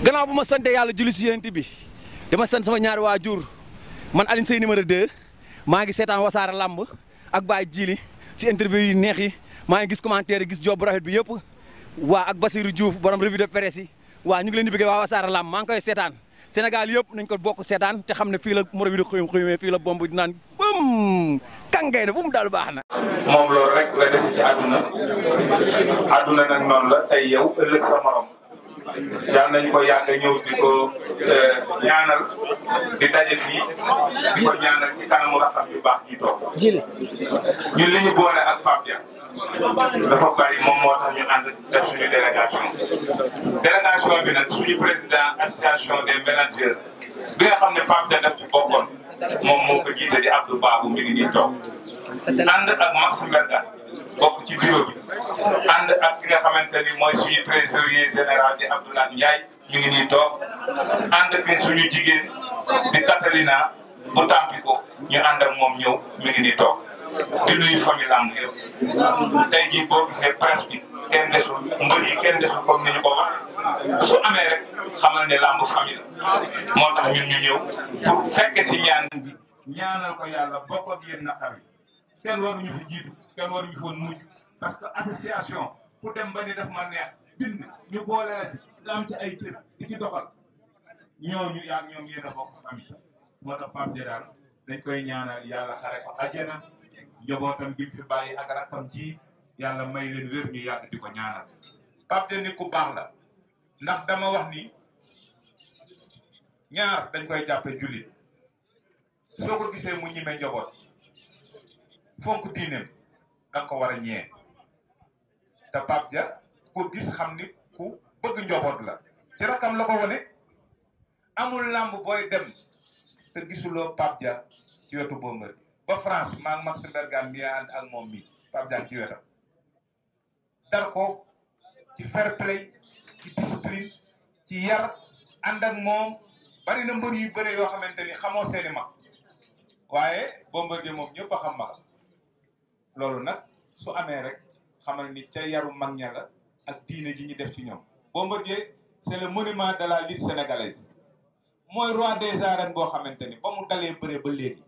gannaaw bu ma santee yàlla julli si yéent bi dama sant sama ñaari waajur man Alioune Seye ma 2 maa ngi seetaan wasaare làmb ak Baye Djili ci interview yu neex yi maa ngi gis commentaire gis job bu rafet bi yëpp waa ak Basirou Diouf borom revue de presse yi waa ñu ngi leen bi bëgg waa wasaare làmb maa ngi koy seetaan Sénégal yëpp nañ ko bokk seetaan te xam ne fii la moro bi di xuyum xuyumee fii la bomb di naan bum kàngay na bu mu daal baax na. moom loolu rek la def yal nañu ko yàgg ñëw di ko ñaanal di daje fii di ko ñaanal ci kanamu rakam yu baax ji toog ñun li boole ak Pape Dia dafa bari moom moo tax ñu ànd def suñu délégation délégation bi nag suñu président association des managers bi nga xam ne Pape ja daf ci bokkoon moom moo ko jiite di Abdou Babou mi ngi nii toog ànd ak Max Mbergane bokk ci bureau bi ànd ak ki nga xamante ni mooy suñu trésorier général di Abdoulaye Ndiaye ñu nii toog ànd ak suñu jigéen di Catalina bu Tampico ñu ànd ak moom ñëw ñu ngi nii toog di nuyu famille lamb yëpp tey jii boo gisee presse kenn desul mbër yi kenn desul comme ni ko wax su amee rek xamal ne lamb famille moo tax ñu ñëw pour si ñaan bi ñaanal ko yàlla bokk ak yéen naqar parce que association ku dem ba ni daf ma neex bind ñu boole la ci nga ay cër di ci doxal ñooñu yaa ñoom yéen a bokk famille moo tax Pape Diedal dañ koy ñaanal yàlla xare ko àjjana njabootam gi fi bàyyi ak rakkam ji yàlla may leen wér ñu yàgg di ko ñaanal Pape Diedal ni ku baax la ndax dama wax ni ñaar dañ koy jàppe jullit soo ko gisee mu ñime njaboot fonk diineem da nga ko war a ñee te Pape Dia gis xam ni ku bëgg njaboot la ci rakam la ko amul làmb booy dem te gisuloo Pape ci wetu Bombardier ba France maa ngi Maxime Bergan mi ànd ak moom mi Pape ci wetam dar ko ci fair play ci discipline ci yar ànd ak moom bari na mbër yu bëre yoo xamante ni xamoo seeni mag waaye Bombardier moom ñëpp a xam magam loolu nag su amee rek xamal ni ca yaru mag ña la ak diine ji ñu def ci ñoom Bombardier c'est le monument de la lutte sénégalaise mooy roi des arènes boo xamante ni ba mu dalee bëre ba léegi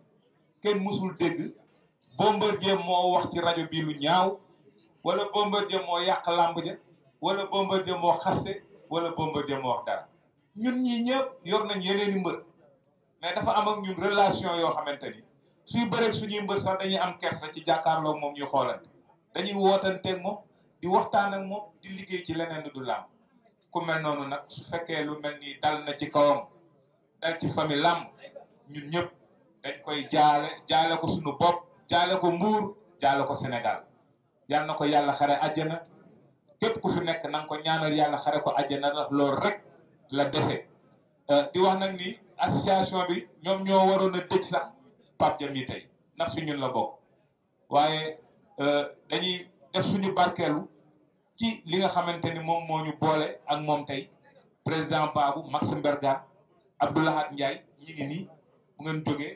kenn musul dégg Bombardier moo wax ci rajo bii lu ñaaw walla wala Bombardier moo yàq làmb ja wala Bombardier moo xaste wala Bombardier moo wax dara ñun ñii ñëpp yor nañ yeneen i mbër mais dafa am ak ñun relation yoo xamante ni suy bëreeg suñuy mbër sax dañuy am kersa ci jàkkaarloo moom ñuy xoolante dañuy wootanteeg moom di waxtaan ak moom di liggéey ci leneen du làmb ku mel noonu nag su fekkee lu mel nii dal na ci kawam dal ci famille làmb ñun ñëpp dañ koy jaale jaale ko suñu bopp jaale ko mbuur jaale ko Sénégal yal na ko yàlla xare àjjana képp ku fi nekk na ko ñaanal yàlla xare ko àjjana ndax loolu rek la dese euh, di wax nag ni association bi ñoom ñoo waroon a dëj sax Pape Jami tey ndax fi ñun la bokk waaye Euh, dañuy def suñu barkeelu ci li nga xamante ni moom moo ñu boole ak moom tey président Babou Maxime Bergane Abdoulahat Ndiaye ñi ngi nii bu ngeen jógee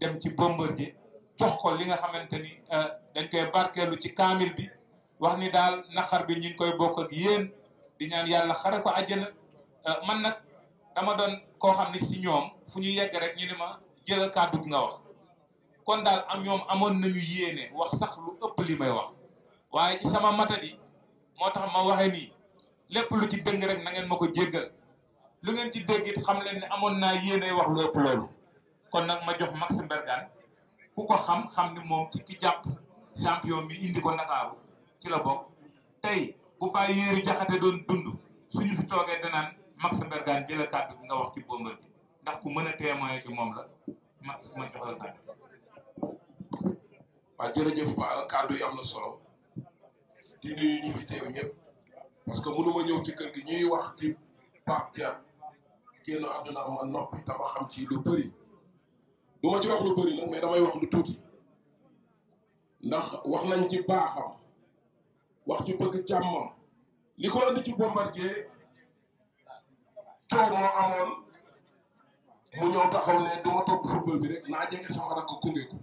dem ci Bombardier jox ko li nga xamante ni euh, dañ koy barkeelu ci kaamil bi wax ni daal naqar bi ñu ngi koy bokk ak yéen di ñaan yàlla xare ko àjjana euh, man nag dama doon koo xam ni si ñoom fu ñu yegg rek ñu ne ma jëlal kàddu gi nga wax kon daal am ñoom amoon nañu yéene wax sax lu ëpp li may wax waaye ci sama matadi moo tax ma waxe nii lépp lu ci dëng rek na ngeen ma ko jéggal lu ngeen ci dégg xam leen ne amoon naa yéene wax lu ëpp loolu kon nag ma jox Max Mbergane ku ko xam xam ni moom ci ki jàpp champion mi indi ko Ndakaaru ci la bokk tey bu bàyyi yéeru jaxate doon dund suñu fi toogee danaan Max Mbergane jëla kàddu bi nga wax ci Bombardier ndax ku mën a témoigner ci moom la Max ma jox la waaw jërëjëf ba kàddu yi am na solo di nuyu ñu fi teew ñëpp parce que mënuma ñëw ci kër gi ñuy wax ci Pape Dia génn àdduna ma noppi dama xam ci lu bëri du ma ci wax lu bëri nag mais damay wax lu tuuti ndax wax nañ ci baaxam wax ci bëgg jàmmam li ko andi ci bombardier coow moo amoon mu ñëw taxaw ne du ma topp bi rek naa jege sama rakk gunge ko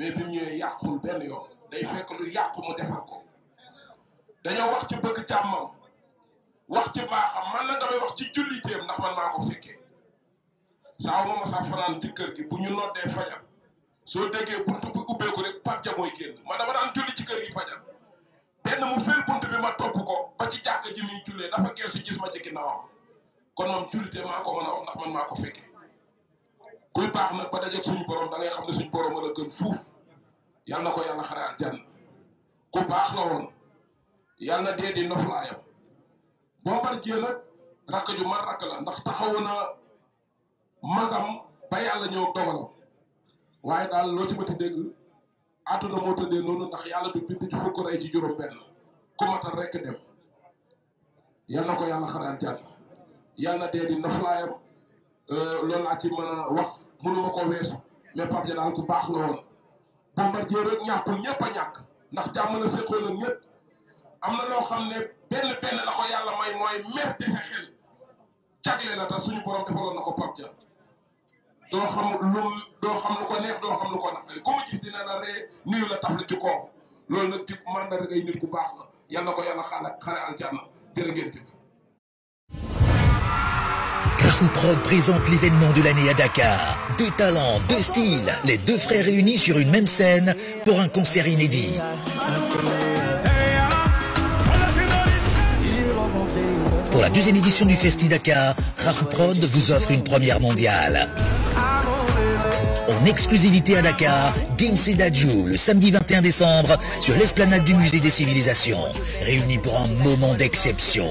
mais bi mu ñëwee yàqul benn yoon day fekk lu yàqu mu defar ko dañoo wax ci bëgg jàmmam wax ci baaxam man na damay wax ci julliteem ndax man maa ko fekkee saa ma masa fanaan ci kër gi bu ñu noddee fajar soo déggee bunt bi ubbeeku rek Pape mooy génn man dama daan julli ci kër gi fajar benn mu fel bunt bi ma topp ko ba ci jàkk ji muy jullee dafa geesu gis ma ci ginnaawam kon moom jullite maa ko mën a wax ndax man maa ko fekkee kuy baax nag ba dajeeg suñu borom da ngay xam ne suñu borom la gën fuuf yàlla na ko yàlla xare aljanna ku baax la woon yàlla na dee di noflaayam Bombardier nag rakk ju mat rakk la ndax taxawu na magam ba yàlla ñëw dogalam waaye daal loo ci mënti dégg àdduna moo tëddee noonu ndax yàlla du bind ci fukk rey ci juróom benn ku matal dem yal na ko yàlla xaraan jànn yal na dee di noflaayam euh, loolu laa ci mën a wax mënuma ko weesu mais Pape Dia daal ku baax la woon Bombardier rek ñàkkul ñëpp a ñàkk ndax jàmm na séqoon ak ñëpp am na loo xam ne benn benn la ko yàlla may mooy mer de sa xel jagle tax suñu borom defaloon na ko Pape Dia doo xam lu ko neex doo xam lu ko naqari ku mu gis dina la ree nuyu la taf la ci kaw loolu nag ci mandarga ngay nit ku baax la yal na ko yàlla xaale xale aljanna jërë ngeen jëf Krahou Prod présente l'événement de l'année à Dakar. Deux talents, deux styles, les deux frères réunis sur une même scène pour un concert inédit. Pour la deuxième édition du Festi Dakar, Krahou Prod vous offre une première mondiale. En exclusivité à Dakar, Gims et Dadju, le samedi décembre, sur l'esplanade du Musée des Civilisations, réunis pour un moment d'exception.